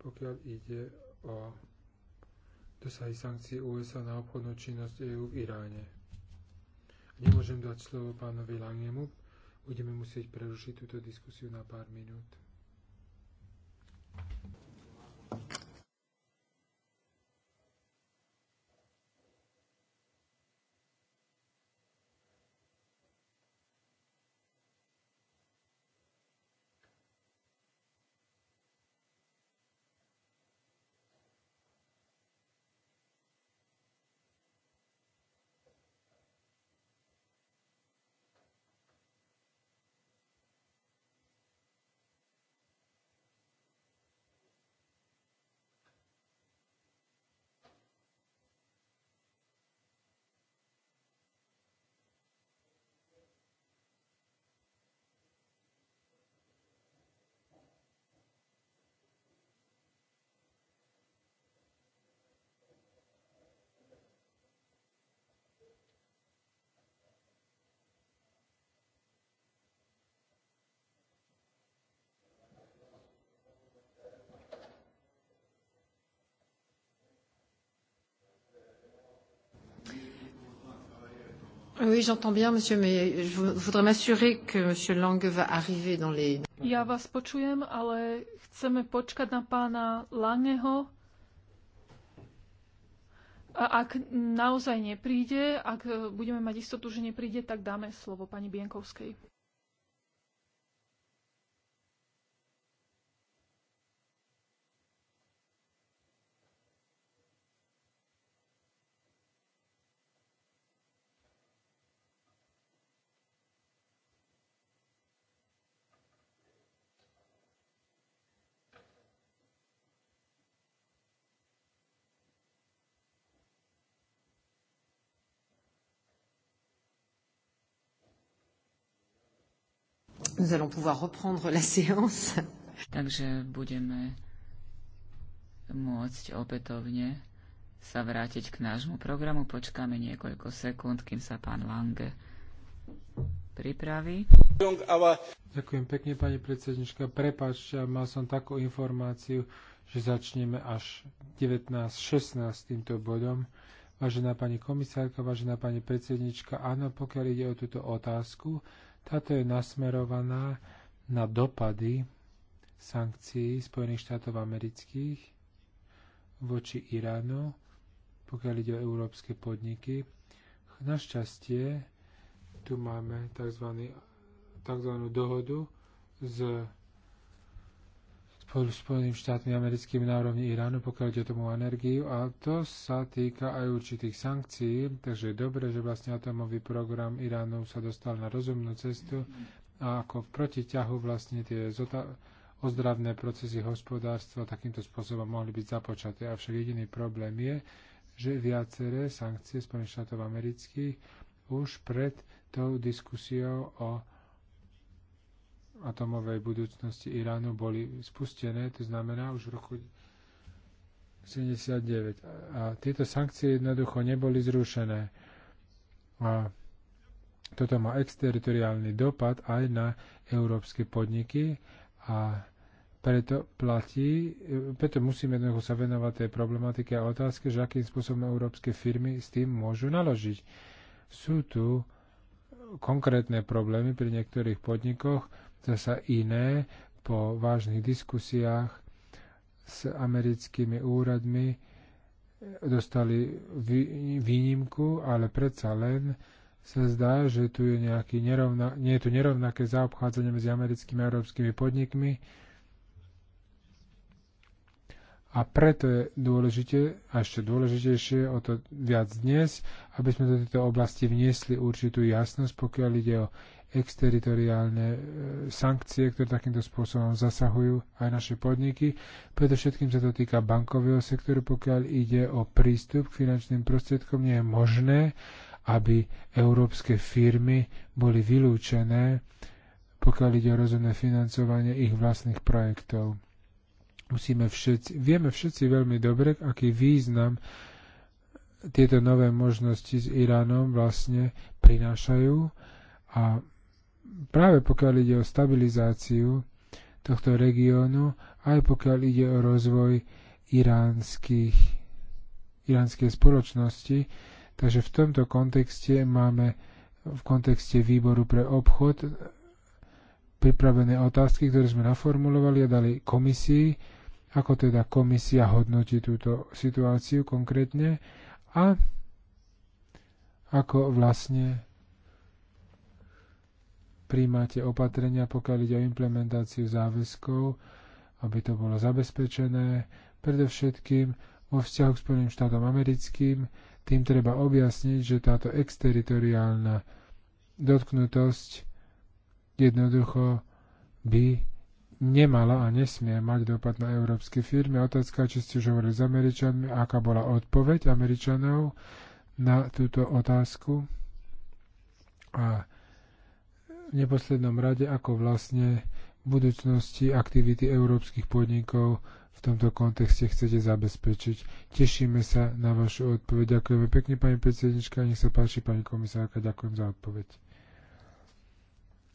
pokiaľ ide o dosahy sankcií USA na obchodnú činnosť EÚ v Iráne. Nemôžem dať slovo pánovi Langemu, budeme musieť prerušiť túto diskusiu na pár minút. Oui, j'entends bien, monsieur, mais je voudrais m'assurer que monsieur Lang va arriver dans les... Ja vás počujem, ale chceme počkať na pána Langeho. A ak naozaj nepríde, ak e, budeme mať istotu, že nepríde, tak dáme slovo pani Bienkovskej. Nous allons pouvoir reprendre la séance. Takže budeme môcť opätovne sa vrátiť k nášmu programu. Počkáme niekoľko sekúnd, kým sa pán Lange pripraví. Ďakujem pekne, pani predsednička. Prepačte, mal som takú informáciu, že začneme až 19.16 týmto bodom. Vážená pani komisárka, vážená pani predsednička, áno, pokiaľ ide o túto otázku, táto je nasmerovaná na dopady sankcií Spojených štátov amerických voči Iránu, pokiaľ ide o európske podniky. Našťastie tu máme tzv. tzv. dohodu s Spojeným štátmi americkými na úrovni Iránu, pokiaľ ide o tomu energiu. A to sa týka aj určitých sankcií, takže je dobré, že vlastne atomový program Iránu sa dostal na rozumnú cestu a ako v protiťahu vlastne tie ozdravné procesy hospodárstva takýmto spôsobom mohli byť započaté. Avšak jediný problém je, že viaceré sankcie Spojených štátov amerických už pred tou diskusiou o atomovej budúcnosti Iránu boli spustené, to znamená už v roku 79. A tieto sankcie jednoducho neboli zrušené. A toto má exteritoriálny dopad aj na európske podniky a preto platí, preto musíme jednoducho sa venovať tej problematike a otázke, že akým spôsobom európske firmy s tým môžu naložiť. Sú tu konkrétne problémy pri niektorých podnikoch, zasa iné po vážnych diskusiách s americkými úradmi e, dostali výnimku, ale predsa len sa zdá, že tu je, nejaký nerovna, nie je tu nerovnaké zaobchádzanie medzi americkými a európskymi podnikmi. A preto je dôležité, a ešte dôležitejšie o to viac dnes, aby sme do tejto oblasti vniesli určitú jasnosť, pokiaľ ide o exteritoriálne e, sankcie, ktoré takýmto spôsobom zasahujú aj naše podniky. Predovšetkým sa to týka bankového sektoru, pokiaľ ide o prístup k finančným prostriedkom, nie je možné, aby európske firmy boli vylúčené, pokiaľ ide o rozumné financovanie ich vlastných projektov. Musíme všetci, vieme všetci veľmi dobre, aký význam tieto nové možnosti s Iránom vlastne prinášajú a práve pokiaľ ide o stabilizáciu tohto regiónu, aj pokiaľ ide o rozvoj iránskych, iránskej spoločnosti. Takže v tomto kontexte máme v kontexte výboru pre obchod pripravené otázky, ktoré sme naformulovali a dali komisii, ako teda komisia hodnotí túto situáciu konkrétne a ako vlastne príjmate opatrenia, pokiaľ ide o implementáciu záväzkov, aby to bolo zabezpečené, predovšetkým vo vzťahu k Spojeným štátom americkým, tým treba objasniť, že táto exteritoriálna dotknutosť jednoducho by nemala a nesmie mať dopad na európske firmy. Otázka, či ste už hovorili s Američanmi, aká bola odpoveď Američanov na túto otázku. A v neposlednom rade, ako vlastne v budúcnosti aktivity európskych podnikov v tomto kontexte chcete zabezpečiť. Tešíme sa na vašu odpoveď. Ďakujeme pekne, pani predsednička. Nech sa páči, pani komisárka. Ďakujem za odpoveď.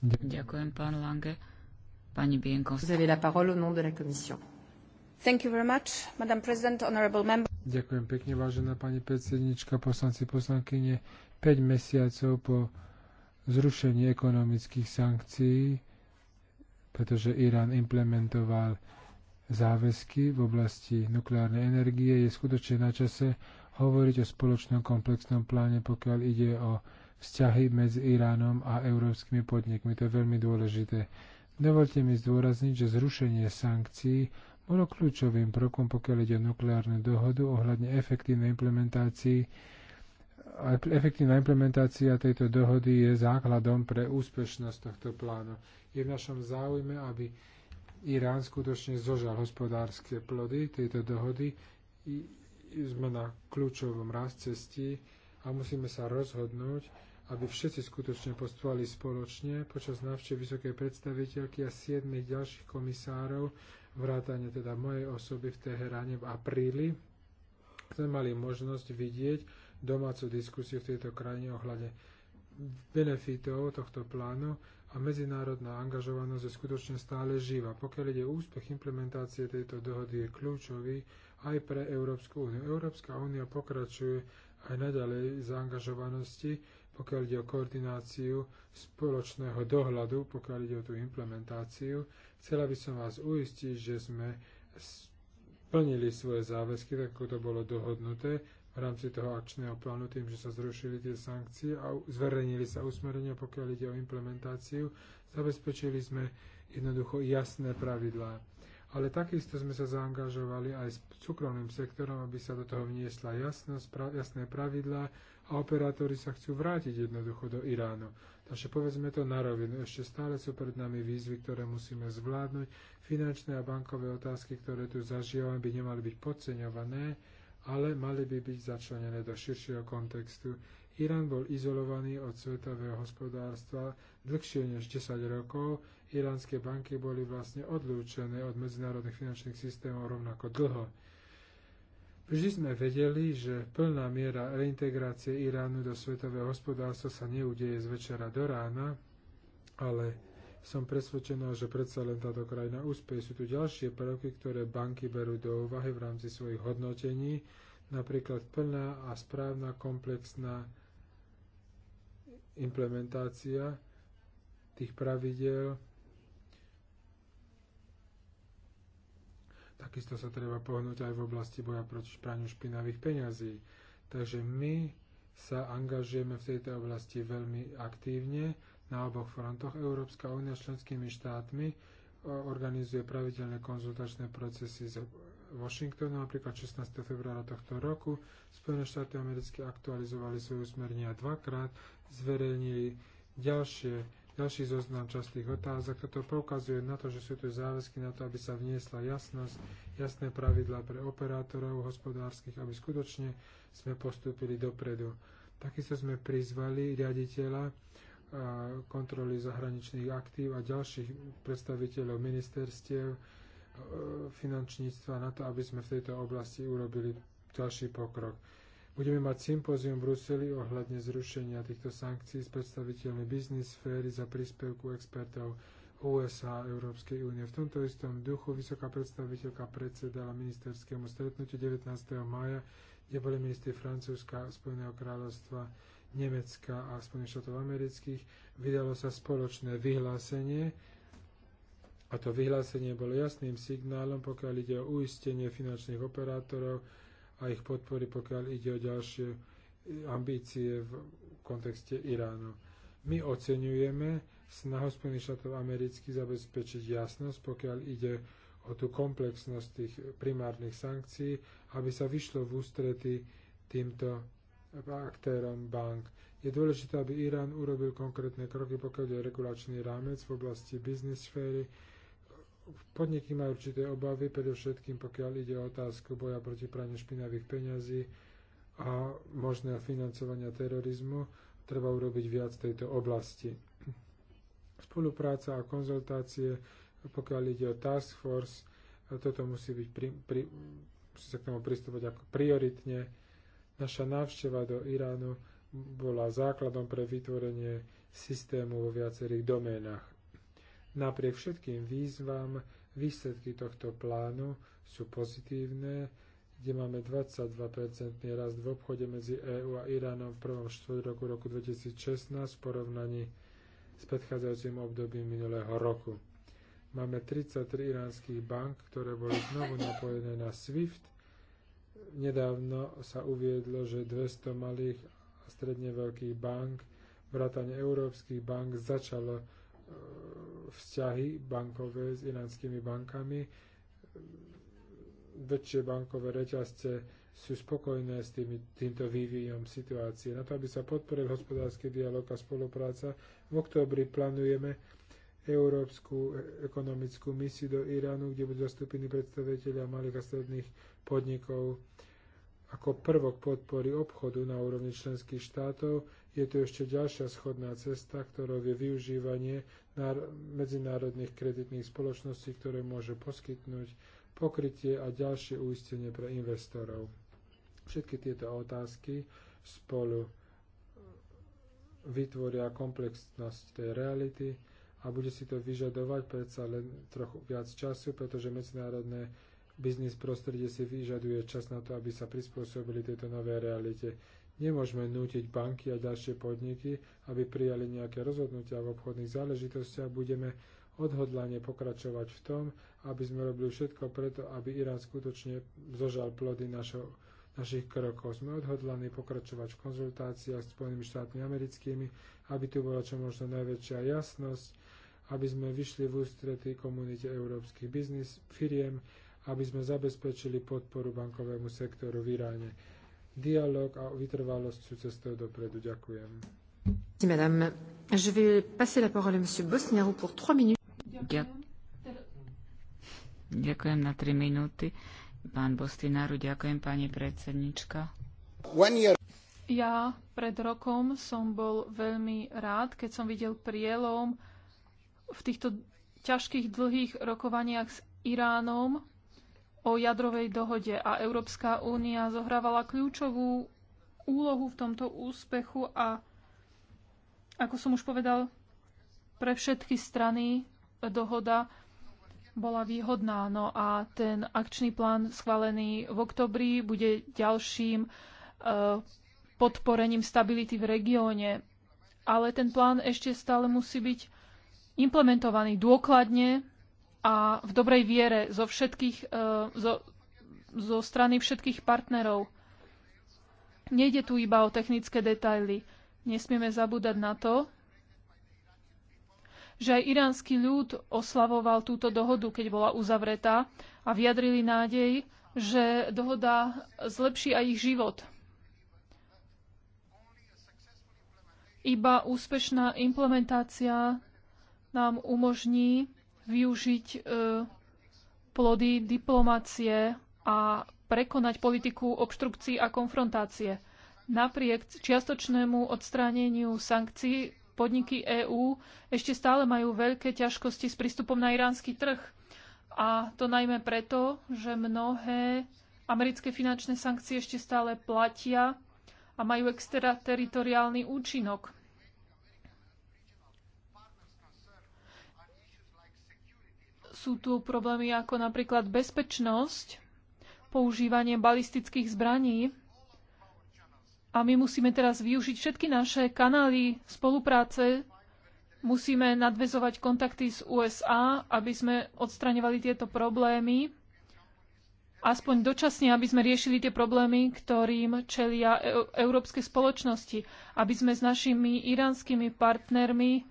Ďakujem, Ďakujem pán Lange. Pani Bienko. Thank you very much, Madam President, honorable member. Ďakujem pekne, vážená pani predsednička, poslanci, poslankyne. 5 mesiacov po zrušenie ekonomických sankcií, pretože Irán implementoval záväzky v oblasti nukleárnej energie, je skutočne na čase hovoriť o spoločnom komplexnom pláne, pokiaľ ide o vzťahy medzi Iránom a európskymi podnikmi. To je veľmi dôležité. Dovolte mi zdôrazniť, že zrušenie sankcií bolo kľúčovým prokom, pokiaľ ide o nukleárnu dohodu ohľadne efektívnej implementácii efektívna implementácia tejto dohody je základom pre úspešnosť tohto plánu. Je v našom záujme, aby Irán skutočne zožal hospodárske plody tejto dohody. Sme na kľúčovom raz cestí a musíme sa rozhodnúť, aby všetci skutočne postovali spoločne počas návštevy vysokej predstaviteľky a siedmých ďalších komisárov, vrátane teda mojej osoby v Teheráne v apríli, sme mali možnosť vidieť, domácu diskusiu v tejto krajine ohľadne benefitov tohto plánu a medzinárodná angažovanosť je skutočne stále živá. Pokiaľ ide úspech implementácie tejto dohody je kľúčový aj pre Európsku úniu. Európska únia pokračuje aj naďalej zaangažovanosti, pokiaľ ide o koordináciu spoločného dohľadu, pokiaľ ide o tú implementáciu. Chcela by som vás uistiť, že sme plnili svoje záväzky, tak ako to bolo dohodnuté v rámci toho akčného plánu tým, že sa zrušili tie sankcie a zverejnili sa usmerenia, pokiaľ ide o implementáciu. Zabezpečili sme jednoducho jasné pravidlá. Ale takisto sme sa zaangažovali aj s súkromným sektorom, aby sa do toho vniesla jasnosť, pra, jasné pravidlá a operátori sa chcú vrátiť jednoducho do Iránu. Takže povedzme to na rovinu. Ešte stále sú pred nami výzvy, ktoré musíme zvládnuť. Finančné a bankové otázky, ktoré tu zažívame, by nemali byť podceňované ale mali by byť začlenené do širšieho kontextu. Irán bol izolovaný od svetového hospodárstva dlhšie než 10 rokov. Iránske banky boli vlastne odlúčené od medzinárodných finančných systémov rovnako dlho. Vždy sme vedeli, že plná miera reintegrácie Iránu do svetového hospodárstva sa neudeje z večera do rána, ale som presvedčená, že predsa len táto krajina úspeje. Sú tu ďalšie prvky, ktoré banky berú do úvahy v rámci svojich hodnotení, napríklad plná a správna komplexná implementácia tých pravidel. Takisto sa treba pohnúť aj v oblasti boja proti špraniu špinavých peňazí. Takže my sa angažujeme v tejto oblasti veľmi aktívne na oboch frontoch. Európska únia s členskými štátmi organizuje pravidelné konzultačné procesy z Washingtonu, napríklad 16. februára tohto roku. Spojené štáty americké aktualizovali svoje usmernenia dvakrát, zverejnili ďalšie ďalší zoznam častých otázok. Toto poukazuje na to, že sú tu záväzky na to, aby sa vniesla jasnosť, jasné pravidlá pre operátorov hospodárskych, aby skutočne sme postúpili dopredu. Takisto sme prizvali riaditeľa kontroly zahraničných aktív a ďalších predstaviteľov ministerstiev e, finančníctva na to, aby sme v tejto oblasti urobili ďalší pokrok. Budeme mať sympózium v Bruseli ohľadne zrušenia týchto sankcií s predstaviteľmi biznis sféry za príspevku expertov USA a Európskej únie. V tomto istom duchu vysoká predstaviteľka predsedala ministerskému stretnutiu 19. maja kde boli ministri Francúzska, Spojeného kráľovstva, Nemecka a Spojených štátov amerických vydalo sa spoločné vyhlásenie a to vyhlásenie bolo jasným signálom, pokiaľ ide o uistenie finančných operátorov a ich podpory, pokiaľ ide o ďalšie e, ambície v kontexte Iránu. My oceňujeme snahu Spojených štátov amerických zabezpečiť jasnosť, pokiaľ ide o tú komplexnosť tých primárnych sankcií, aby sa vyšlo v ústrety týmto aktérom bank. Je dôležité, aby Irán urobil konkrétne kroky, pokiaľ je regulačný rámec v oblasti biznis sféry. Podniky majú určité obavy, predovšetkým pokiaľ ide o otázku boja proti praniu špinavých peňazí a možného financovania terorizmu. Treba urobiť viac v tejto oblasti. Spolupráca a konzultácie, pokiaľ ide o task force, toto musí byť pri, pri, musí sa k tomu pristúpať ako prioritne Naša návšteva do Iránu bola základom pre vytvorenie systému vo viacerých doménach. Napriek všetkým výzvam, výsledky tohto plánu sú pozitívne, kde máme 22-percentný rast v obchode medzi EÚ a Iránom v prvom štvrť roku roku 2016 v porovnaní s predchádzajúcim obdobím minulého roku. Máme 33 iránskych bank, ktoré boli znovu napojené na SWIFT Nedávno sa uviedlo, že 200 malých a stredne veľkých bank, vrátane európskych bank, začalo e, vzťahy bankové s iránskymi bankami. Väčšie bankové reťazce sú spokojné s tými, týmto vývojom situácie. Na to, aby sa podporil hospodársky dialog a spolupráca, v októbri plánujeme európsku ekonomickú misiu do Iránu, kde budú zastúpení predstaviteľia malých a stredných podnikov. Ako prvok podpory obchodu na úrovni členských štátov je tu ešte ďalšia schodná cesta, ktorou je využívanie medzinárodných kreditných spoločností, ktoré môže poskytnúť pokrytie a ďalšie uistenie pre investorov. Všetky tieto otázky spolu vytvoria komplexnosť tej reality, a bude si to vyžadovať predsa len trochu viac času, pretože medzinárodné biznis prostredie si vyžaduje čas na to, aby sa prispôsobili tejto novej realite. Nemôžeme nútiť banky a ďalšie podniky, aby prijali nejaké rozhodnutia v obchodných záležitostiach. Budeme odhodlane pokračovať v tom, aby sme robili všetko preto, aby Irán skutočne zožal plody našo, našich krokov. Sme odhodlani pokračovať v konzultáciách s Spojenými štátmi americkými, aby tu bola čo možno najväčšia jasnosť aby sme vyšli v ústretí komunite európskych biznis firiem, aby sme zabezpečili podporu bankovému sektoru v Iráne. Dialóg a vytrvalosť sú cestou dopredu. Ďakujem. Madame, je vais passer la parole à monsieur Bosnero pour 3 minutes. Ďakujem na 3 minúty. Pán Bostinaru, ďakujem pani predsednička. Ja pred rokom som bol veľmi rád, keď som videl prielom v týchto ťažkých dlhých rokovaniach s Iránom o jadrovej dohode a Európska únia zohrávala kľúčovú úlohu v tomto úspechu a ako som už povedal, pre všetky strany dohoda bola výhodná. No a ten akčný plán schválený v oktobri bude ďalším e, podporením stability v regióne. Ale ten plán ešte stále musí byť implementovaný dôkladne a v dobrej viere zo všetkých, e, zo, zo strany všetkých partnerov. Nejde tu iba o technické detaily. Nesmieme zabúdať na to, že aj iránsky ľud oslavoval túto dohodu, keď bola uzavretá a vyjadrili nádej, že dohoda zlepší aj ich život. Iba úspešná implementácia nám umožní využiť e, plody diplomácie a prekonať politiku obštrukcií a konfrontácie. Napriek čiastočnému odstráneniu sankcií podniky EÚ ešte stále majú veľké ťažkosti s prístupom na iránsky trh. A to najmä preto, že mnohé americké finančné sankcie ešte stále platia a majú extrateritoriálny účinok. sú tu problémy ako napríklad bezpečnosť, používanie balistických zbraní. A my musíme teraz využiť všetky naše kanály spolupráce. Musíme nadvezovať kontakty s USA, aby sme odstraňovali tieto problémy. Aspoň dočasne, aby sme riešili tie problémy, ktorým čelia e európske spoločnosti. Aby sme s našimi iránskymi partnermi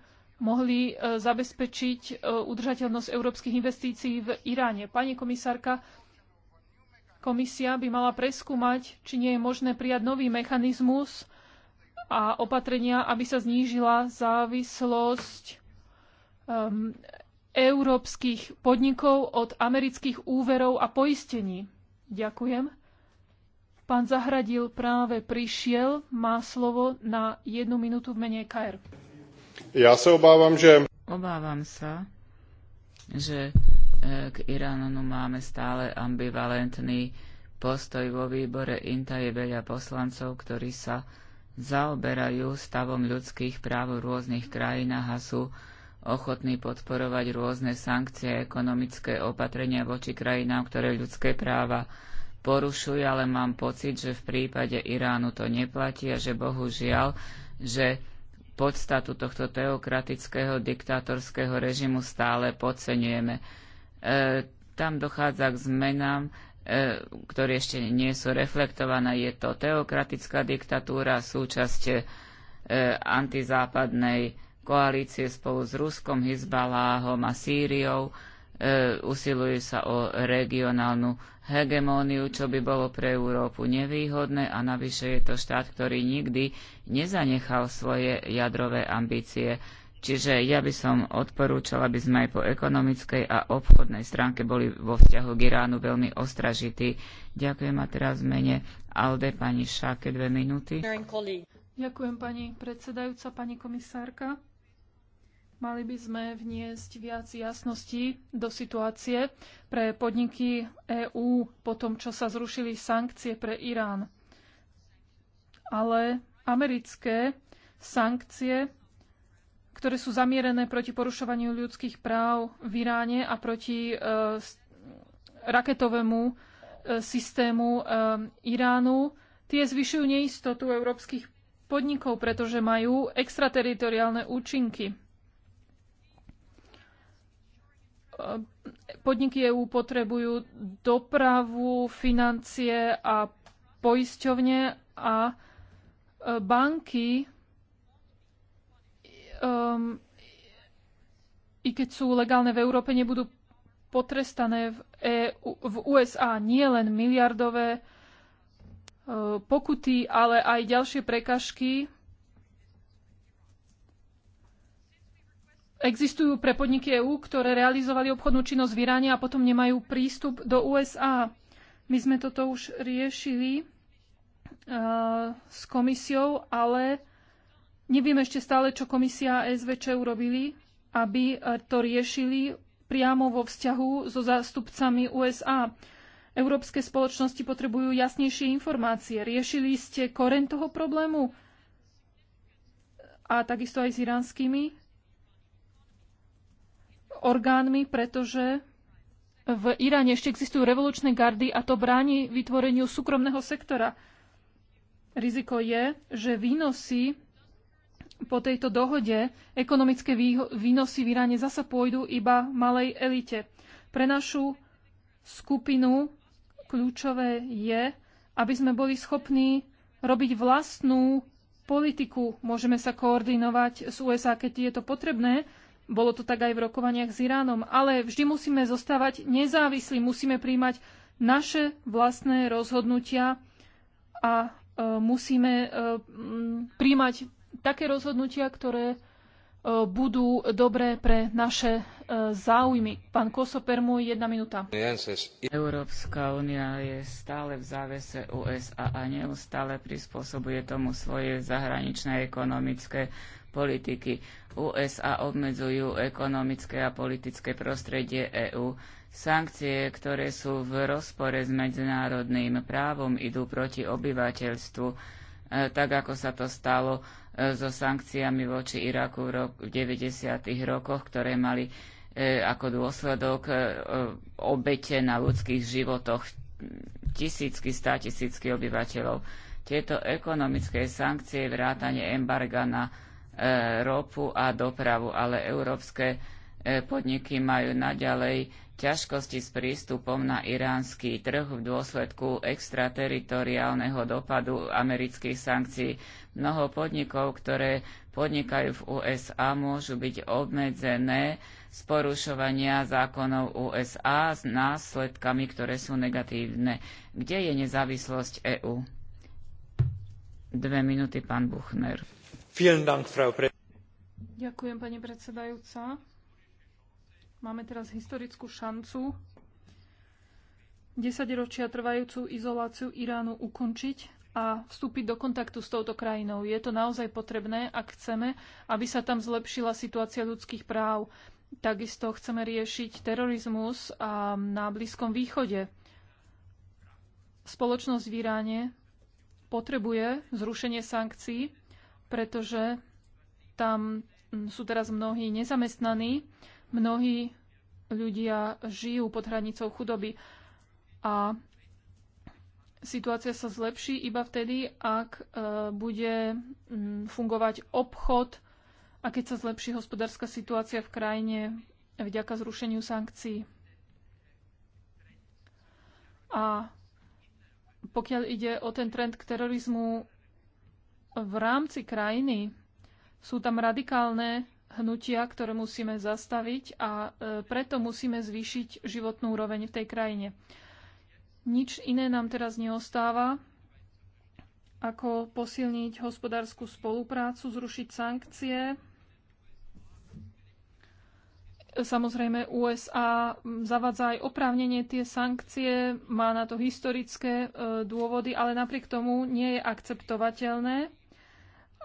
mohli e, zabezpečiť e, udržateľnosť európskych investícií v Iráne. Pani komisárka, komisia by mala preskúmať, či nie je možné prijať nový mechanizmus a opatrenia, aby sa znížila závislosť um, európskych podnikov od amerických úverov a poistení. Ďakujem. Pán Zahradil práve prišiel, má slovo na jednu minútu v mene KR. Ja sa obávam, že... Obávam sa, že e, k Iránu máme stále ambivalentný postoj. Vo výbore INTA je veľa poslancov, ktorí sa zaoberajú stavom ľudských práv v rôznych krajinách a sú ochotní podporovať rôzne sankcie a ekonomické opatrenia voči krajinám, ktoré ľudské práva porušujú, ale mám pocit, že v prípade Iránu to neplatí a že bohužiaľ, že podstatu tohto teokratického diktátorského režimu stále podceňujeme. E, tam dochádza k zmenám, e, ktoré ešte nie sú reflektované. Je to teokratická diktatúra, súčasť e, antizápadnej koalície spolu s Ruskom, Hizbaláhom a Sýriou. E, E, usilujú sa o regionálnu hegemóniu, čo by bolo pre Európu nevýhodné a navyše je to štát, ktorý nikdy nezanechal svoje jadrové ambície. Čiže ja by som odporúčala, aby sme aj po ekonomickej a obchodnej stránke boli vo vzťahu k Iránu veľmi ostražití. Ďakujem a teraz mene Alde, pani Šáke, dve minúty. Ďakujem pani predsedajúca, pani komisárka. Mali by sme vniesť viac jasnosti do situácie pre podniky EÚ po tom, čo sa zrušili sankcie pre Irán. Ale americké sankcie, ktoré sú zamierené proti porušovaniu ľudských práv v Iráne a proti e, raketovému e, systému e, Iránu, tie zvyšujú neistotu európskych podnikov, pretože majú extrateritoriálne účinky. podniky EÚ potrebujú dopravu, financie a poisťovne a e, banky, um, i keď sú legálne v Európe, nebudú potrestané v, e v USA nie len miliardové e, pokuty, ale aj ďalšie prekažky existujú pre podniky EÚ, ktoré realizovali obchodnú činnosť v Iráne a potom nemajú prístup do USA. My sme toto už riešili uh, s komisiou, ale nevieme ešte stále, čo komisia a SVČ urobili, aby eh, to riešili priamo vo vzťahu so zástupcami USA. Európske spoločnosti potrebujú jasnejšie informácie. Riešili ste koren toho problému? A takisto aj s iránskymi orgánmi, pretože v Iráne ešte existujú revolučné gardy a to bráni vytvoreniu súkromného sektora. Riziko je, že výnosy po tejto dohode, ekonomické výnosy v Iráne zasa pôjdu iba malej elite. Pre našu skupinu kľúčové je, aby sme boli schopní robiť vlastnú politiku. Môžeme sa koordinovať s USA, keď je to potrebné, bolo to tak aj v rokovaniach s Iránom, ale vždy musíme zostávať nezávislí, musíme príjmať naše vlastné rozhodnutia a e, musíme e, príjmať také rozhodnutia, ktoré e, budú dobré pre naše e, záujmy. Pán Kosoper, môj jedna minúta. Európska únia je stále v závese USA a neustále prispôsobuje tomu svoje zahraničné ekonomické politiky. USA obmedzujú ekonomické a politické prostredie EÚ. Sankcie, ktoré sú v rozpore s medzinárodným právom, idú proti obyvateľstvu, e, tak ako sa to stalo e, so sankciami voči Iraku v 90. rokoch, ktoré mali e, ako dôsledok obete na ľudských životoch tisícky, státisícky obyvateľov. Tieto ekonomické sankcie, vrátanie embarga na E, ropu a dopravu, ale európske e, podniky majú naďalej ťažkosti s prístupom na iránsky trh v dôsledku extrateritoriálneho dopadu amerických sankcií. Mnoho podnikov, ktoré podnikajú v USA, môžu byť obmedzené z porušovania zákonov USA s následkami, ktoré sú negatívne. Kde je nezávislosť EÚ? Dve minúty, pán Buchner. Ďakujem, pani predsedajúca. Máme teraz historickú šancu desaťročia trvajúcu izoláciu Iránu ukončiť a vstúpiť do kontaktu s touto krajinou. Je to naozaj potrebné, ak chceme, aby sa tam zlepšila situácia ľudských práv. Takisto chceme riešiť terorizmus a na Blízkom východe. Spoločnosť v Iráne potrebuje zrušenie sankcií pretože tam mm, sú teraz mnohí nezamestnaní, mnohí ľudia žijú pod hranicou chudoby a situácia sa zlepší iba vtedy, ak e, bude mm, fungovať obchod a keď sa zlepší hospodárska situácia v krajine vďaka zrušeniu sankcií. A pokiaľ ide o ten trend k terorizmu v rámci krajiny sú tam radikálne hnutia, ktoré musíme zastaviť a e, preto musíme zvýšiť životnú úroveň v tej krajine. Nič iné nám teraz neostáva, ako posilniť hospodárskú spoluprácu, zrušiť sankcie. Samozrejme, USA zavádza aj oprávnenie tie sankcie, má na to historické e, dôvody, ale napriek tomu nie je akceptovateľné,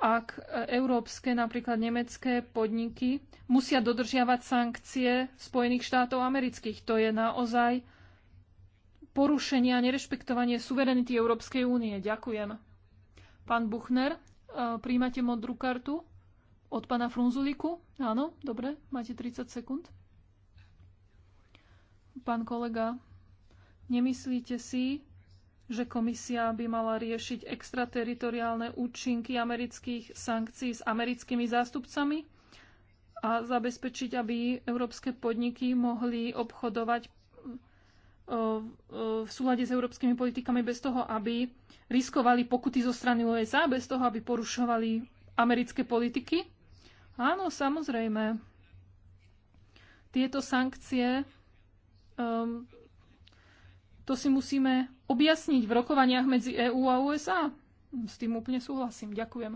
ak e, európske, napríklad nemecké podniky musia dodržiavať sankcie Spojených štátov amerických. To je naozaj porušenie a nerešpektovanie suverenity Európskej únie. Ďakujem. Pán Buchner, e, príjmate modrú kartu od pána Frunzuliku? Áno, dobre, máte 30 sekúnd. Pán kolega, nemyslíte si, že komisia by mala riešiť extrateritoriálne účinky amerických sankcií s americkými zástupcami a zabezpečiť, aby európske podniky mohli obchodovať e, e, v súlade s európskymi politikami bez toho, aby riskovali pokuty zo strany USA, bez toho, aby porušovali americké politiky? Áno, samozrejme. Tieto sankcie um, to si musíme objasniť v rokovaniach medzi EÚ a USA. S tým úplne súhlasím. Ďakujem.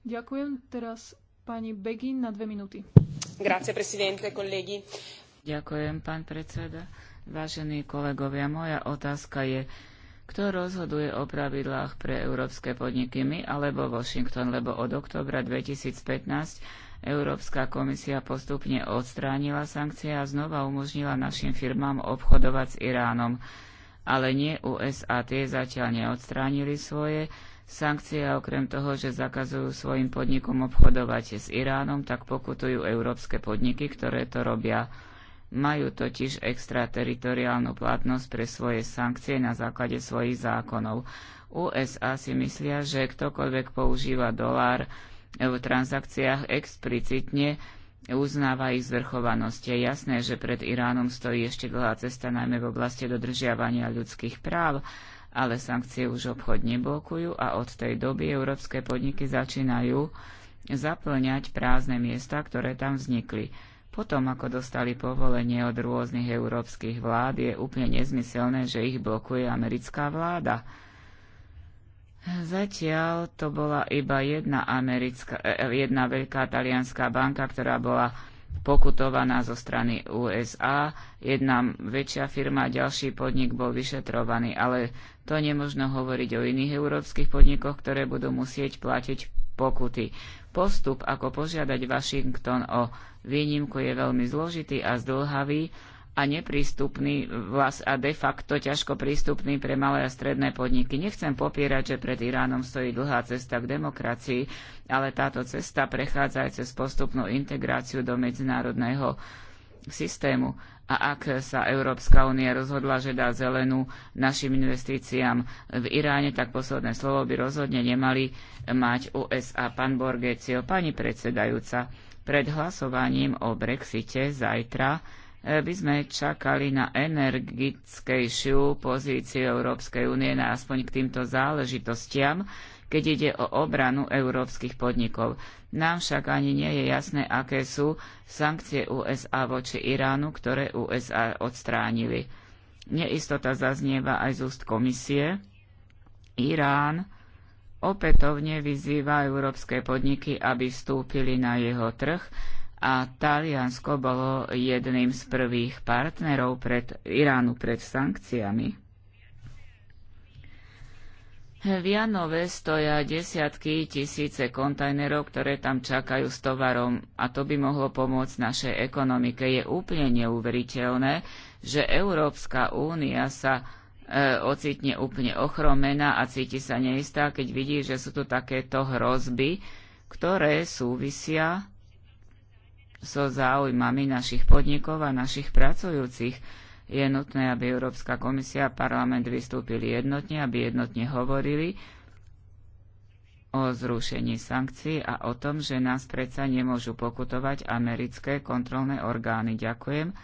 Ďakujem. Teraz pani Begin na dve minúty. Grazie, presidente, kolegi. Ďakujem, pán predseda. Vážení kolegovia, moja otázka je, kto rozhoduje o pravidlách pre európske podniky, my alebo Washington, lebo od oktobra 2015 Európska komisia postupne odstránila sankcie a znova umožnila našim firmám obchodovať s Iránom. Ale nie USA tie zatiaľ neodstránili svoje sankcie a okrem toho, že zakazujú svojim podnikom obchodovať s Iránom, tak pokutujú európske podniky, ktoré to robia. Majú totiž extrateritoriálnu platnosť pre svoje sankcie na základe svojich zákonov. USA si myslia, že ktokoľvek používa dolár, v transakciách explicitne uznáva ich zvrchovanosť. Je jasné, že pred Iránom stojí ešte dlhá cesta, najmä v oblasti dodržiavania ľudských práv, ale sankcie už obchod neblokujú a od tej doby európske podniky začínajú zaplňať prázdne miesta, ktoré tam vznikli. Potom, ako dostali povolenie od rôznych európskych vlád, je úplne nezmyselné, že ich blokuje americká vláda. Zatiaľ to bola iba jedna, americká, e, e, jedna veľká talianská banka, ktorá bola pokutovaná zo strany USA, jedna väčšia firma, ďalší podnik bol vyšetrovaný, ale to nemožno hovoriť o iných európskych podnikoch, ktoré budú musieť platiť pokuty. Postup, ako požiadať Washington o výnimku, je veľmi zložitý a zdlhavý, a neprístupný a de facto ťažko prístupný pre malé a stredné podniky. Nechcem popierať, že pred Iránom stojí dlhá cesta k demokracii, ale táto cesta prechádza aj cez postupnú integráciu do medzinárodného systému. A ak sa Európska únia rozhodla, že dá zelenú našim investíciám v Iráne, tak posledné slovo by rozhodne nemali mať USA. Pán Borgecio, pani predsedajúca, pred hlasovaním o Brexite zajtra by sme čakali na energickejšiu pozíciu Európskej únie na aspoň k týmto záležitostiam, keď ide o obranu európskych podnikov. Nám však ani nie je jasné, aké sú sankcie USA voči Iránu, ktoré USA odstránili. Neistota zaznieva aj z úst komisie. Irán opätovne vyzýva európske podniky, aby vstúpili na jeho trh, a Taliansko bolo jedným z prvých partnerov pred Iránu pred sankciami. V Janove stoja desiatky tisíce kontajnerov, ktoré tam čakajú s tovarom a to by mohlo pomôcť našej ekonomike. Je úplne neuveriteľné, že Európska únia sa e, ocitne úplne ochromená a cíti sa neistá, keď vidí, že sú tu takéto hrozby, ktoré súvisia so záujmami našich podnikov a našich pracujúcich. Je nutné, aby Európska komisia a parlament vystúpili jednotne, aby jednotne hovorili o zrušení sankcií a o tom, že nás predsa nemôžu pokutovať americké kontrolné orgány. Ďakujem.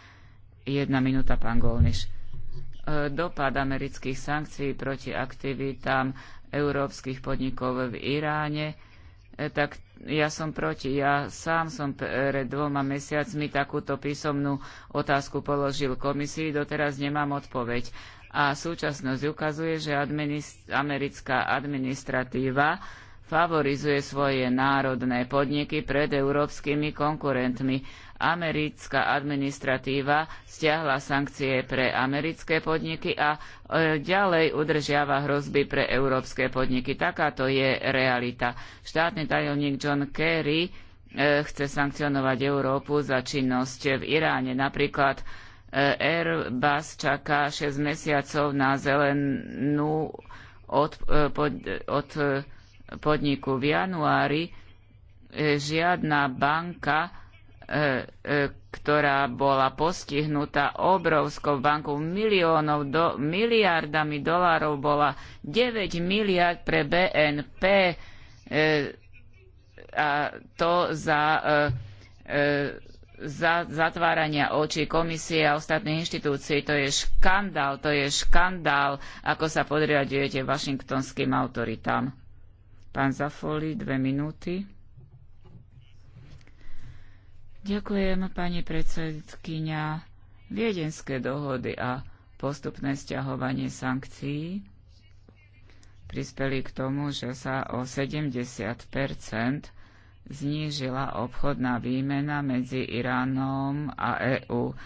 Jedna minúta, pán Golniš. E, dopad amerických sankcií proti aktivitám európskych podnikov v Iráne E, tak ja som proti. Ja sám som pred dvoma mesiacmi takúto písomnú otázku položil komisii, doteraz nemám odpoveď. A súčasnosť ukazuje, že administ- americká administratíva favorizuje svoje národné podniky pred európskymi konkurentmi. Americká administratíva stiahla sankcie pre americké podniky a e, ďalej udržiava hrozby pre európske podniky. Takáto je realita. Štátny tajomník John Kerry e, chce sankcionovať Európu za činnosť v Iráne. Napríklad e, Airbus čaká 6 mesiacov na zelenú od, pod, od podniku. V januári e, žiadna banka, e, e, ktorá bola postihnutá obrovskou bankou miliónov, do, miliardami dolárov, bola 9 miliard pre BNP a to za, za zatvárania očí komisie a ostatných inštitúcií. To je škandál, to je škandál, ako sa podriadujete washingtonským autoritám. Pán Zafoli, dve minúty. Ďakujem, pani predsedkynia. Viedenské dohody a postupné stiahovanie sankcií prispeli k tomu, že sa o 70 znížila obchodná výmena medzi Iránom a EÚ.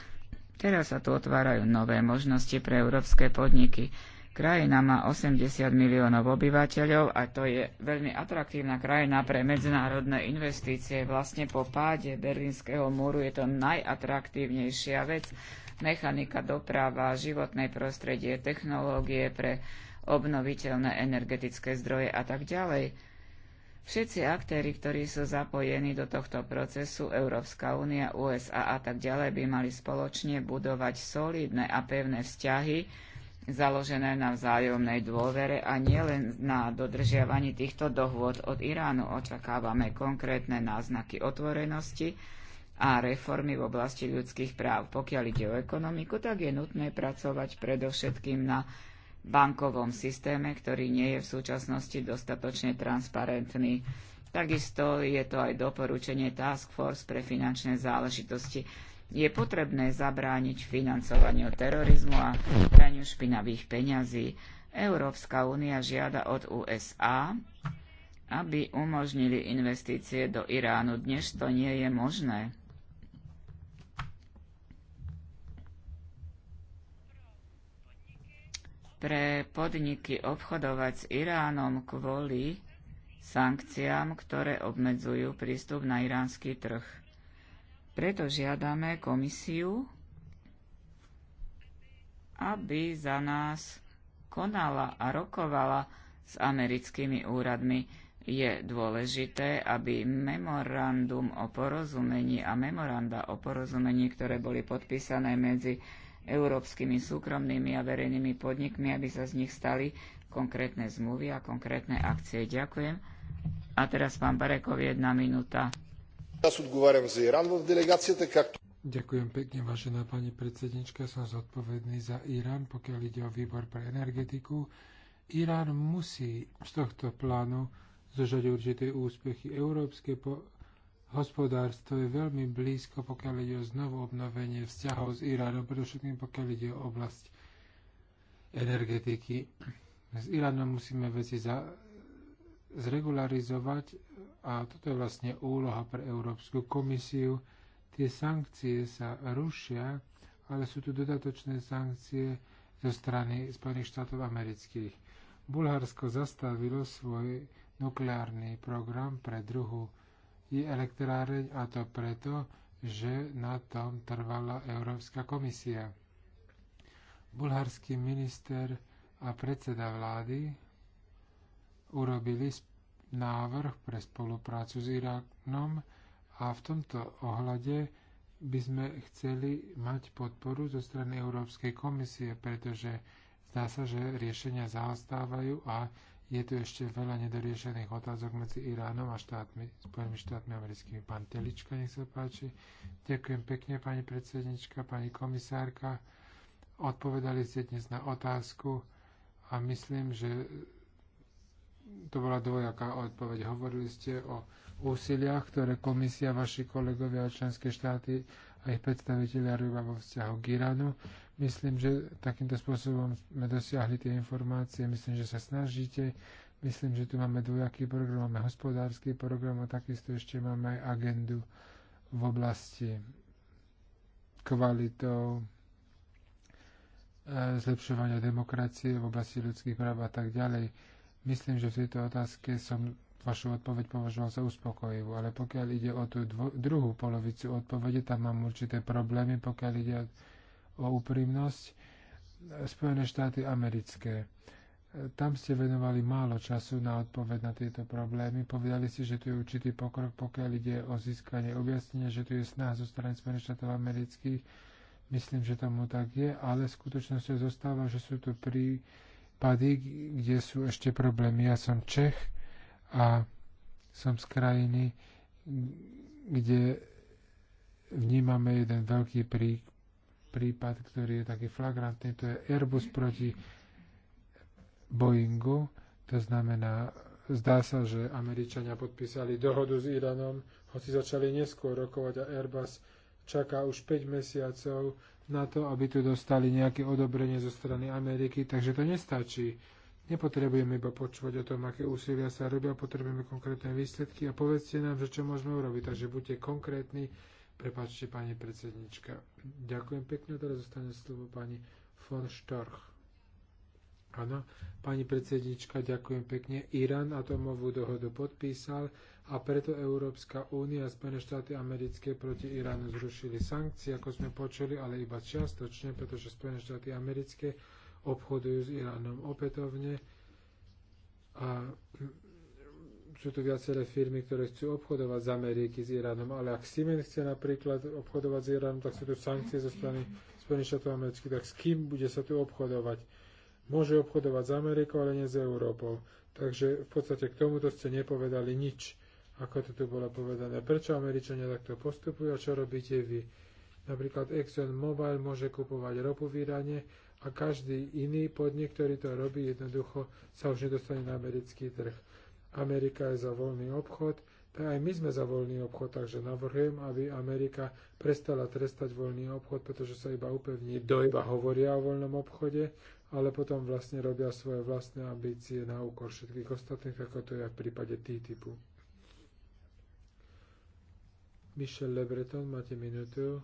Teraz sa tu otvárajú nové možnosti pre európske podniky. Krajina má 80 miliónov obyvateľov a to je veľmi atraktívna krajina pre medzinárodné investície. Vlastne po páde Berlínskeho múru je to najatraktívnejšia vec. Mechanika, doprava, životné prostredie, technológie pre obnoviteľné energetické zdroje a tak ďalej. Všetci aktéry, ktorí sú zapojení do tohto procesu, Európska únia, USA a tak ďalej, by mali spoločne budovať solidné a pevné vzťahy, založené na vzájomnej dôvere a nielen na dodržiavaní týchto dohôd od Iránu očakávame konkrétne náznaky otvorenosti a reformy v oblasti ľudských práv. Pokiaľ ide o ekonomiku, tak je nutné pracovať predovšetkým na bankovom systéme, ktorý nie je v súčasnosti dostatočne transparentný. Takisto je to aj doporučenie Task Force pre finančné záležitosti je potrebné zabrániť financovaniu terorizmu a praniu špinavých peňazí. Európska únia žiada od USA, aby umožnili investície do Iránu. Dnes to nie je možné. Pre podniky obchodovať s Iránom kvôli sankciám, ktoré obmedzujú prístup na iránsky trh. Preto žiadame komisiu, aby za nás konala a rokovala s americkými úradmi. Je dôležité, aby memorandum o porozumení a memoranda o porozumení, ktoré boli podpísané medzi európskymi súkromnými a verejnými podnikmi, aby sa z nich stali konkrétne zmluvy a konkrétne akcie. Ďakujem. A teraz pán Barekov, jedna minúta. Ďakujem pekne, vážená pani predsednička. Som zodpovedný za Irán, pokiaľ ide o výbor pre energetiku. Irán musí z tohto plánu zožať určité úspechy. Európske po- hospodárstvo je veľmi blízko, pokiaľ ide o znovu obnovenie vzťahov s Iránom, predovšetkým pokiaľ ide o oblasť energetiky. S Iránom musíme veci za- zregularizovať, a toto je vlastne úloha pre Európsku komisiu, tie sankcie sa rušia, ale sú tu dodatočné sankcie zo strany Spojených štátov amerických. Bulharsko zastavilo svoj nukleárny program pre druhú i elektráreň a to preto, že na tom trvala Európska komisia. Bulharský minister a predseda vlády urobili návrh pre spoluprácu s Iránom a v tomto ohľade by sme chceli mať podporu zo strany Európskej komisie, pretože zdá sa, že riešenia zaostávajú a je tu ešte veľa nedoriešených otázok medzi Iránom a štátmi, Spojenými štátmi americkými. Pán Telička, nech sa páči. Ďakujem pekne, pani predsednička, pani komisárka. Odpovedali ste dnes na otázku a myslím, že to bola dvojaká odpoveď. Hovorili ste o úsiliach, ktoré komisia, vaši kolegovia a členské štáty a ich predstaviteľia robia vo vzťahu k Iránu. Myslím, že takýmto spôsobom sme dosiahli tie informácie. Myslím, že sa snažíte. Myslím, že tu máme dvojaký program, máme hospodársky program a takisto ešte máme aj agendu v oblasti kvalitou e, zlepšovania demokracie v oblasti ľudských práv a tak ďalej Myslím, že v tejto otázke som vašu odpoveď považoval za uspokojivú, ale pokiaľ ide o tú dvo- druhú polovicu odpovede, tam mám určité problémy, pokiaľ ide o úprimnosť. Spojené štáty americké. E, tam ste venovali málo času na odpoveď na tieto problémy. Povedali ste, že tu je určitý pokrok, pokiaľ ide o získanie objasnenia, že tu je snaha zo strany Spojených štátov amerických. Myslím, že tomu tak je, ale skutočnosťou zostáva, že sú tu pri prípady, kde sú ešte problémy. Ja som Čech a som z krajiny, kde vnímame jeden veľký prí, prípad, ktorý je taký flagrantný, to je Airbus proti Boeingu. To znamená, zdá sa, že Američania podpísali dohodu s Iránom, hoci začali neskôr rokovať a Airbus čaká už 5 mesiacov na to, aby tu dostali nejaké odobrenie zo strany Ameriky, takže to nestačí. Nepotrebujeme iba počúvať o tom, aké úsilia sa robia, potrebujeme konkrétne výsledky a povedzte nám, že čo môžeme urobiť. Takže buďte konkrétni. Prepačte, pani predsednička. Ďakujem pekne, teraz zostane slovo pani von Storch. Áno, pani predsednička, ďakujem pekne. Irán atomovú dohodu podpísal a preto Európska únia a Spojené štáty americké proti Iránu zrušili sankcie, ako sme počuli, ale iba čiastočne, pretože Spojené štáty americké obchodujú s Iránom opätovne a sú tu viaceré firmy, ktoré chcú obchodovať z Ameriky s Iránom, ale ak Siemens chce napríklad obchodovať s Iránom, tak sú tu sankcie zo strany Spojených štátov amerických, tak s kým bude sa tu obchodovať? Môže obchodovať s Amerikou, ale nie s Európou. Takže v podstate k tomuto ste nepovedali nič, ako to tu bolo povedané. Prečo Američania takto postupujú a čo robíte vy? Napríklad Exxon Mobil môže kupovať ropu v Iráne a každý iný podnik, ktorý to robí, jednoducho sa už nedostane na americký trh. Amerika je za voľný obchod, tak aj my sme za voľný obchod, takže navrhujem, aby Amerika prestala trestať voľný obchod, pretože sa iba upevní, do iba hovoria o voľnom obchode ale potom vlastne robia svoje vlastné ambície na úkor všetkých ostatných, ako to je v prípade t T-typu. Michel Lebreton, máte minútu.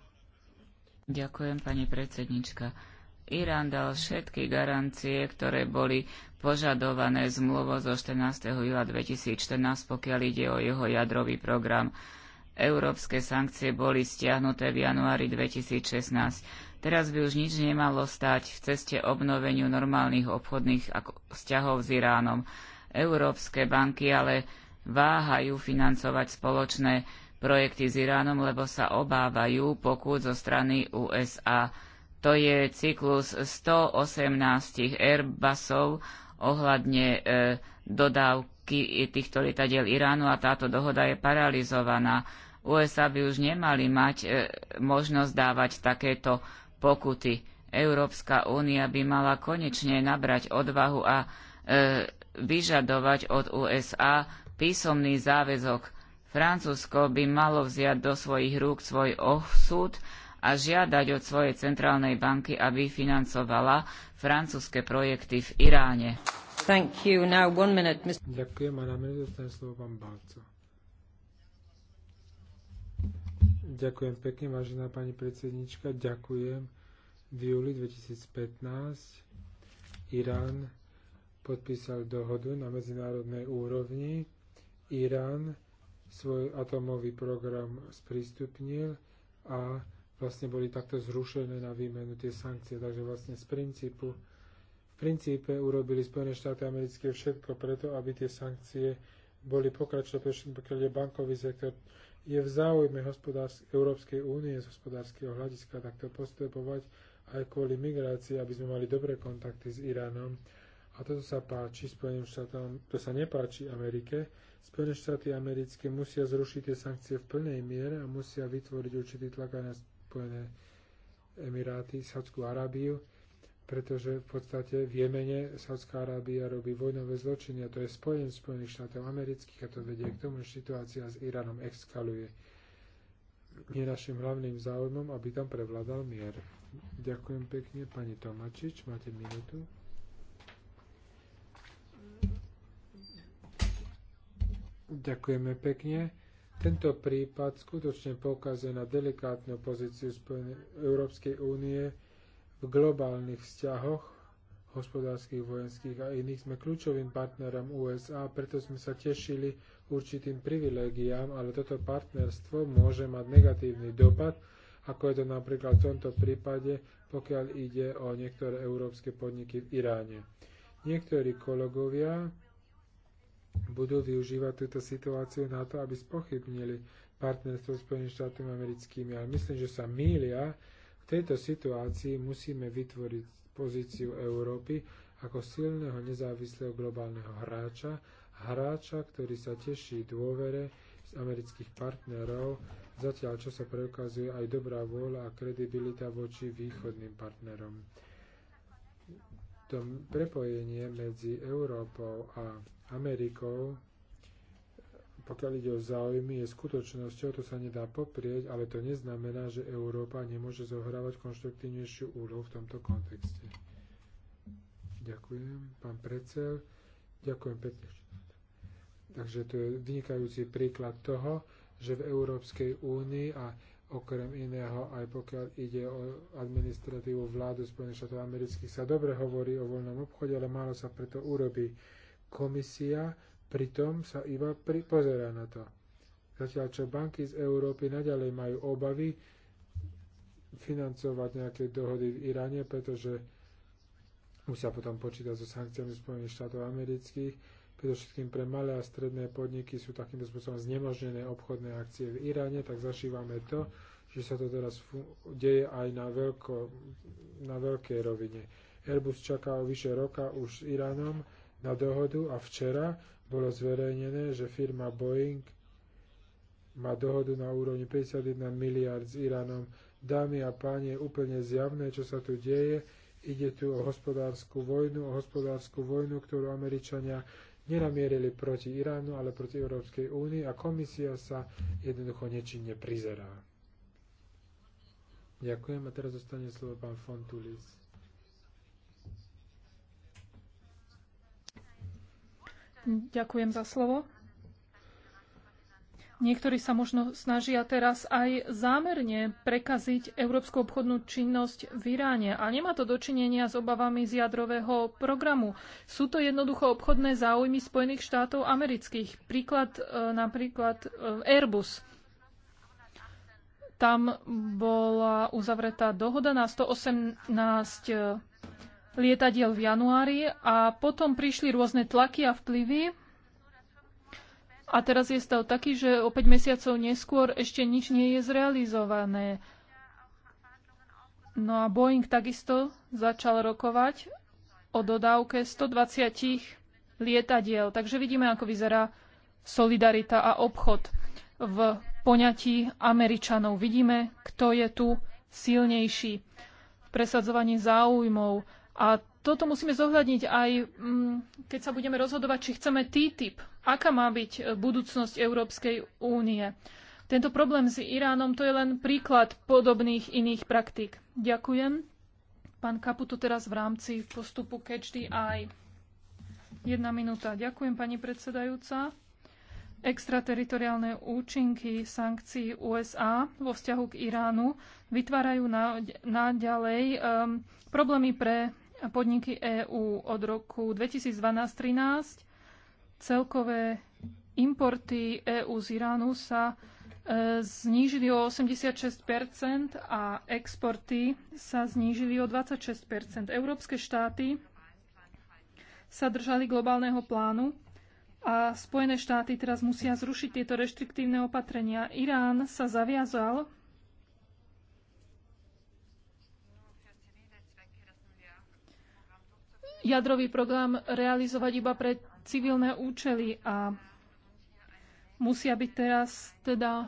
Ďakujem, pani predsednička. Irán dal všetky garancie, ktoré boli požadované zmluvo zo 14. júla 2014, pokiaľ ide o jeho jadrový program. Európske sankcie boli stiahnuté v januári 2016. Teraz by už nič nemalo stať v ceste obnoveniu normálnych obchodných vzťahov s Iránom. Európske banky ale váhajú financovať spoločné projekty s Iránom, lebo sa obávajú pokút zo strany USA. To je cyklus 118 Airbusov ohľadne e, dodávky týchto lietadiel Iránu a táto dohoda je paralizovaná. USA by už nemali mať e, možnosť dávať takéto pokuty. Európska únia by mala konečne nabrať odvahu a e, vyžadovať od USA písomný záväzok. Francúzsko by malo vziať do svojich rúk svoj osud a žiadať od svojej centrálnej banky, aby financovala francúzske projekty v Iráne. Minute, Ďakujem a na minútu slovo pán Balco. Ďakujem pekne, vážená pani predsednička. Ďakujem. V júli 2015 Irán podpísal dohodu na medzinárodnej úrovni. Irán svoj atomový program sprístupnil a vlastne boli takto zrušené na výmenu tie sankcie. Takže vlastne z princípu, v princípe urobili Spojené štáty americké všetko preto, aby tie sankcie boli pokračovať, pokiaľ je bankový sektor, je v záujme Európskej únie z hospodárskeho hľadiska takto postupovať aj kvôli migrácii, aby sme mali dobré kontakty s Iránom. A toto sa páči Spojeným štátom, to sa nepáči Amerike. Spojené štáty americké musia zrušiť tie sankcie v plnej miere a musia vytvoriť určitý tlak aj na Spojené Emiráty, Saudskú Arábiu, pretože v podstate v Jemene Saudská Arábia robí vojnové zločiny a to je spojen Spojených štátov amerických a to vedie k tomu, že situácia s Iránom exkaluje. Je našim hlavným záujmom, aby tam prevládal mier. Ďakujem pekne. Pani Tomačič, máte minútu. Ďakujeme pekne. Tento prípad skutočne poukazuje na delikátnu pozíciu Európskej únie v globálnych vzťahoch hospodárskych, vojenských a iných sme kľúčovým partnerom USA, preto sme sa tešili určitým privilégiám, ale toto partnerstvo môže mať negatívny dopad, ako je to napríklad v tomto prípade, pokiaľ ide o niektoré európske podniky v Iráne. Niektorí kolegovia budú využívať túto situáciu na to, aby spochybnili partnerstvo s Spojenými štátmi americkými, ale myslím, že sa mýlia. V tejto situácii musíme vytvoriť pozíciu Európy ako silného nezávislého globálneho hráča, hráča, ktorý sa teší dôvere z amerických partnerov, zatiaľ čo sa preukazuje aj dobrá vôľa a kredibilita voči východným partnerom. To prepojenie medzi Európou a Amerikou pokiaľ ide o záujmy, je skutočnosťou, to sa nedá poprieť, ale to neznamená, že Európa nemôže zohrávať konštruktívnejšiu úlohu v tomto kontexte. Ďakujem, pán predsel. Ďakujem pekne. Takže to je vynikajúci príklad toho, že v Európskej únii a okrem iného aj pokiaľ ide o administratívu vládu Spojených štátov amerických sa dobre hovorí o voľnom obchode, ale málo sa preto urobí. Komisia Pritom sa iba pozerá na to. Zatiaľ, čo banky z Európy naďalej majú obavy financovať nejaké dohody v Iráne, pretože musia potom počítať so sankciami Spojených štátov amerických. Predovšetkým pre malé a stredné podniky sú takýmto spôsobom znemožnené obchodné akcie v Iráne, tak zašívame to, že sa to teraz deje aj na, veľko, na veľkej rovine. Airbus čaká o vyše roka už s Iránom na dohodu a včera bolo zverejnené, že firma Boeing má dohodu na úrovni 51 miliard s Iránom. Dámy a páni, je úplne zjavné, čo sa tu deje. Ide tu o hospodárskú vojnu, o hospodárskú vojnu, ktorú Američania nenamierili proti Iránu, ale proti Európskej únii a komisia sa jednoducho nečinne prizerá. Ďakujem a teraz dostane slovo pán Fontulis. Ďakujem za slovo. Niektorí sa možno snažia teraz aj zámerne prekaziť európsku obchodnú činnosť v Iráne a nemá to dočinenia s obavami z jadrového programu. Sú to jednoducho obchodné záujmy Spojených štátov amerických. Príklad e, napríklad e, Airbus. Tam bola uzavretá dohoda na 118 lietadiel v januári a potom prišli rôzne tlaky a vplyvy. A teraz je stav taký, že o 5 mesiacov neskôr ešte nič nie je zrealizované. No a Boeing takisto začal rokovať o dodávke 120 lietadiel. Takže vidíme, ako vyzerá solidarita a obchod v poňatí Američanov. Vidíme, kto je tu silnejší v presadzovaní záujmov a toto musíme zohľadniť aj, mm, keď sa budeme rozhodovať, či chceme TTIP. Aká má byť e, budúcnosť Európskej únie? Tento problém s Iránom to je len príklad podobných iných praktík. Ďakujem. Pán Kaputo teraz v rámci postupu Catch the Eye. Jedna minúta. Ďakujem, pani predsedajúca. Extrateritoriálne účinky sankcií USA vo vzťahu k Iránu vytvárajú naďalej um, ehm, problémy pre podniky EÚ od roku 2012-13 celkové importy EÚ z Iránu sa e, znížili o 86 a exporty sa znížili o 26 Európske štáty sa držali globálneho plánu a Spojené štáty teraz musia zrušiť tieto reštriktívne opatrenia. Irán sa zaviazal jadrový program realizovať iba pre civilné účely a musia byť teraz teda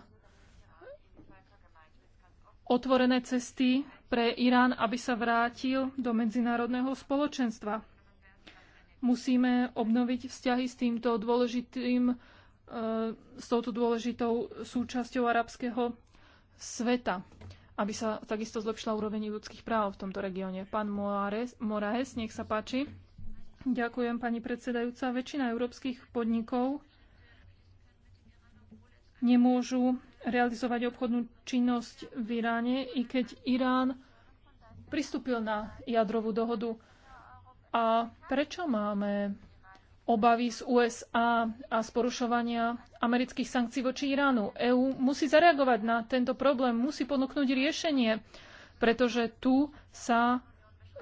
otvorené cesty pre Irán, aby sa vrátil do medzinárodného spoločenstva. Musíme obnoviť vzťahy s týmto dôležitým, e, s touto dôležitou súčasťou arabského sveta aby sa takisto zlepšila úroveň ľudských práv v tomto regióne. Pán Moraes, nech sa páči. Ďakujem, pani predsedajúca. Väčšina európskych podnikov nemôžu realizovať obchodnú činnosť v Iráne, i keď Irán pristúpil na jadrovú dohodu. A prečo máme obavy z USA a z porušovania amerických sankcií voči Iránu. EÚ musí zareagovať na tento problém, musí ponúknuť riešenie, pretože tu sa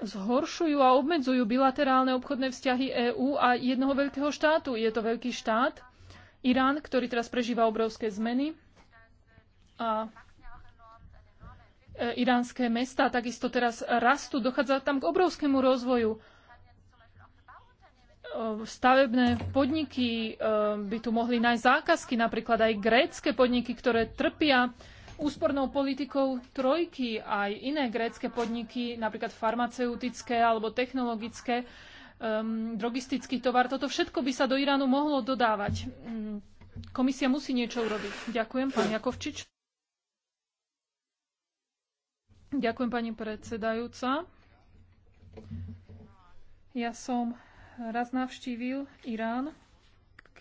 zhoršujú a obmedzujú bilaterálne obchodné vzťahy EÚ a jednoho veľkého štátu. Je to veľký štát, Irán, ktorý teraz prežíva obrovské zmeny a e, iránske mesta takisto teraz rastú, dochádza tam k obrovskému rozvoju E, stavebné podniky e, by tu mohli nájsť zákazky, napríklad aj grécké podniky, ktoré trpia úspornou politikou trojky, aj iné grécké podniky, napríklad farmaceutické alebo technologické, drogistický tovar. Toto všetko by sa do Iránu mohlo dodávať. Mm, komisia musí niečo urobiť. Ďakujem, pán Jakovčič. Ďakujem, pani predsedajúca. Ja som raz navštívil Irán,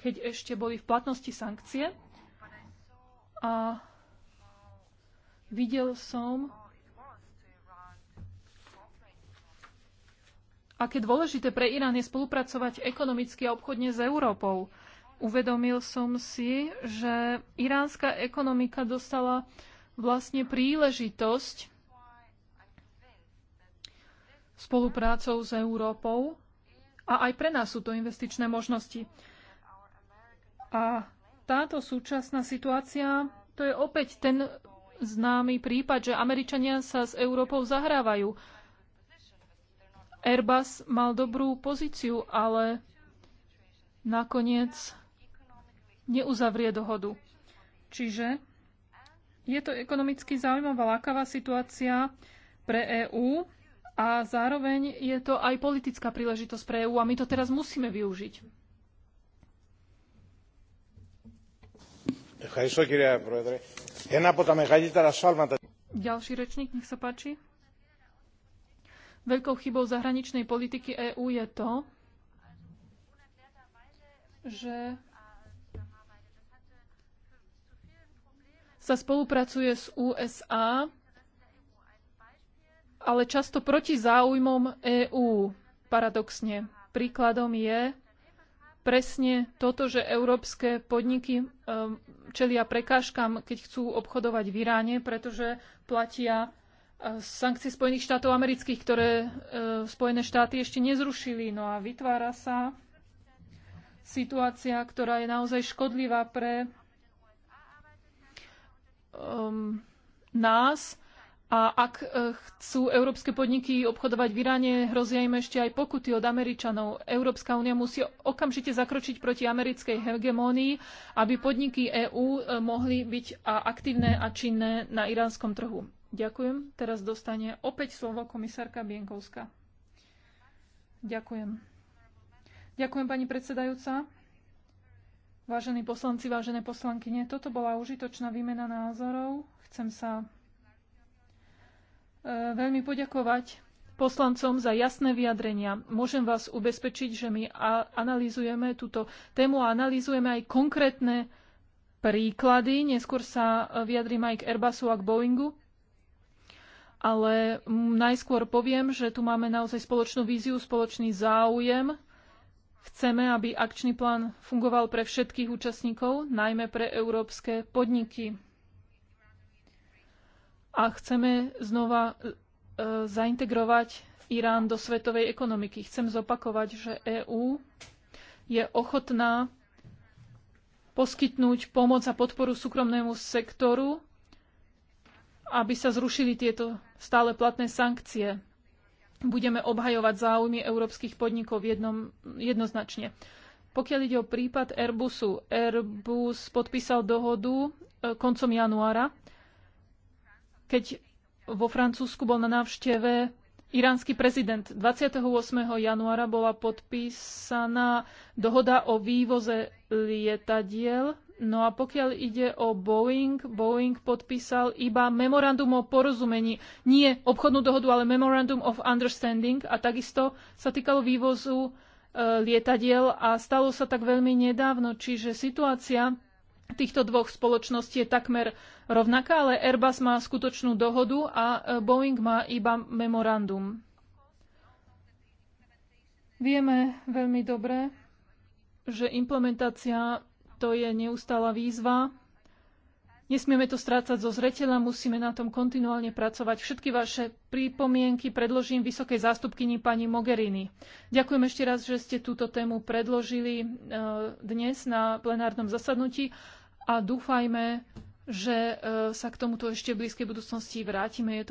keď ešte boli v platnosti sankcie. A videl som, aké dôležité pre Irán je spolupracovať ekonomicky a obchodne s Európou. Uvedomil som si, že iránska ekonomika dostala vlastne príležitosť spoluprácou s Európou a aj pre nás sú to investičné možnosti. A táto súčasná situácia, to je opäť ten známy prípad, že Američania sa s Európou zahrávajú. Airbus mal dobrú pozíciu, ale nakoniec neuzavrie dohodu. Čiže je to ekonomicky zaujímavá, lákavá situácia pre EÚ, a zároveň je to aj politická príležitosť pre EÚ a my to teraz musíme využiť. Ďalší rečník, nech sa páči. Veľkou chybou zahraničnej politiky EÚ je to, že sa spolupracuje s USA ale často proti záujmom EÚ. Paradoxne. Príkladom je presne toto, že európske podniky um, čelia prekážkam, keď chcú obchodovať v Iráne, pretože platia uh, sankcie Spojených štátov amerických, ktoré uh, Spojené štáty ešte nezrušili. No a vytvára sa situácia, ktorá je naozaj škodlivá pre um, nás, a ak e, chcú európske podniky obchodovať v Iráne, hrozia im ešte aj pokuty od Američanov. Európska únia musí okamžite zakročiť proti americkej hegemónii, aby podniky EÚ e, mohli byť aktívne a činné na iránskom trhu. Ďakujem. Teraz dostane opäť slovo komisárka Bienkovská. Ďakujem. Ďakujem, pani predsedajúca. Vážení poslanci, vážené poslankyne, toto bola užitočná výmena názorov. Chcem sa E, veľmi poďakovať poslancom za jasné vyjadrenia. Môžem vás ubezpečiť, že my analýzujeme túto tému a analýzujeme aj konkrétne príklady. Neskôr sa vyjadrím aj k Airbusu a k Boeingu. Ale najskôr poviem, že tu máme naozaj spoločnú víziu, spoločný záujem. Chceme, aby akčný plán fungoval pre všetkých účastníkov, najmä pre európske podniky a chceme znova e, e, zaintegrovať Irán do svetovej ekonomiky. Chcem zopakovať, že EÚ je ochotná poskytnúť pomoc a podporu súkromnému sektoru, aby sa zrušili tieto stále platné sankcie. Budeme obhajovať záujmy európskych podnikov jednom, jednoznačne. Pokiaľ ide o prípad Airbusu, Airbus podpísal dohodu e, koncom januára keď vo Francúzsku bol na návšteve iránsky prezident. 28. januára bola podpísaná dohoda o vývoze lietadiel. No a pokiaľ ide o Boeing, Boeing podpísal iba memorandum o porozumení, nie obchodnú dohodu, ale memorandum of understanding a takisto sa týkalo vývozu e, lietadiel a stalo sa tak veľmi nedávno, čiže situácia týchto dvoch spoločností je takmer rovnaká, ale Airbus má skutočnú dohodu a e, Boeing má iba memorandum. Vieme veľmi dobre, že implementácia to je neustála výzva. Nesmieme to strácať zo zreteľa, musíme na tom kontinuálne pracovať. Všetky vaše prípomienky predložím vysokej zástupkyni pani Mogherini. Ďakujem ešte raz, že ste túto tému predložili e, dnes na plenárnom zasadnutí a dúfajme, že e, sa k tomuto ešte v blízkej budúcnosti vrátime. Je to